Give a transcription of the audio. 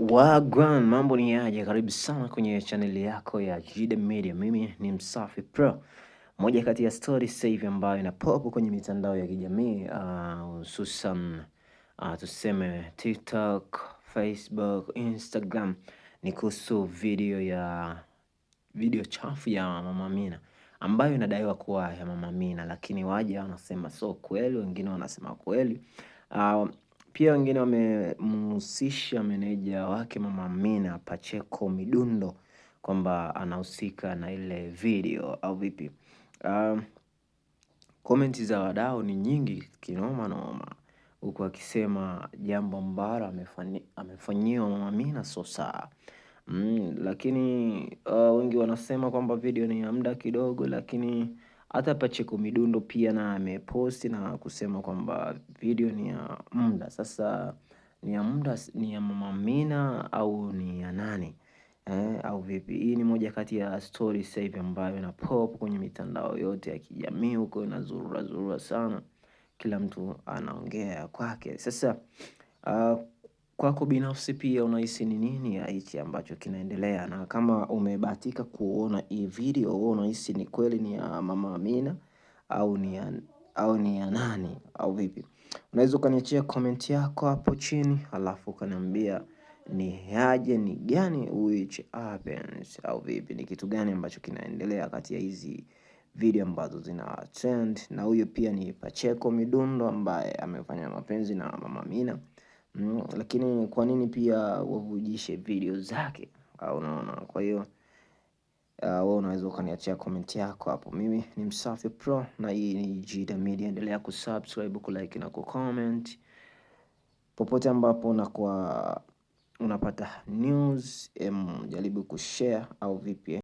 Wagwan, mambo ni aje? Karibu sana kwenye chaneli yako ya Jide Media. Mimi ni Msafi Pro. Moja kati ya story sasa hivi ambayo inapopu kwenye mitandao ya kijamii uh, hususan, uh, uh, tuseme TikTok, Facebook, Instagram ni kuhusu video ya video chafu ya Mama Amina ambayo inadaiwa kuwa ya Mama Amina, lakini waja wanasema so kweli, wengine wanasema kweli uh, pia wengine wamemhusisha meneja wake Mama Amina Pacheco Midundo kwamba anahusika na ile video au vipi. Um, komenti za wadau ni nyingi kinoma noma, huku akisema jambo ambalo amefanyiwa Mama Amina so sawa. Mm, lakini uh, wengi wanasema kwamba video ni ya muda kidogo, lakini hata pacheko Midundo pia na ameposti na kusema kwamba video ni ya muda sasa, ni ya muda, ni ya Mama Amina au ni ya nani eh, au vipi? Hii ni moja kati ya story sasa hivi ambayo ina pop kwenye mitandao yote ya kijamii huko, zurura zurura sana, kila mtu anaongea kwake sasa uh, kwako binafsi pia unahisi ni nini ya hichi ambacho kinaendelea, na kama umebahatika kuona hii video, wewe unahisi ni kweli ni ya mama Amina au ni ya, au ni ya nani au vipi? Unaweza ukaniachia comment yako hapo chini, alafu ukaniambia ni haje ni gani which happens au vipi, ni kitu gani ambacho kinaendelea kati ya hizi video ambazo zina trend. Na huyo pia ni Pacheco Midundo ambaye amefanya mapenzi na mama Amina mm, lakini kwa nini pia wavujishe video zake? Ah, unaona, kwa hiyo uh, wewe unaweza ukaniachia comment yako hapo. Mimi ni Msafi Pro na hii ni Jida Media. Endelea kusubscribe, kulike na kucomment popote ambapo unakuwa unapata news em, jaribu kushare au vipi?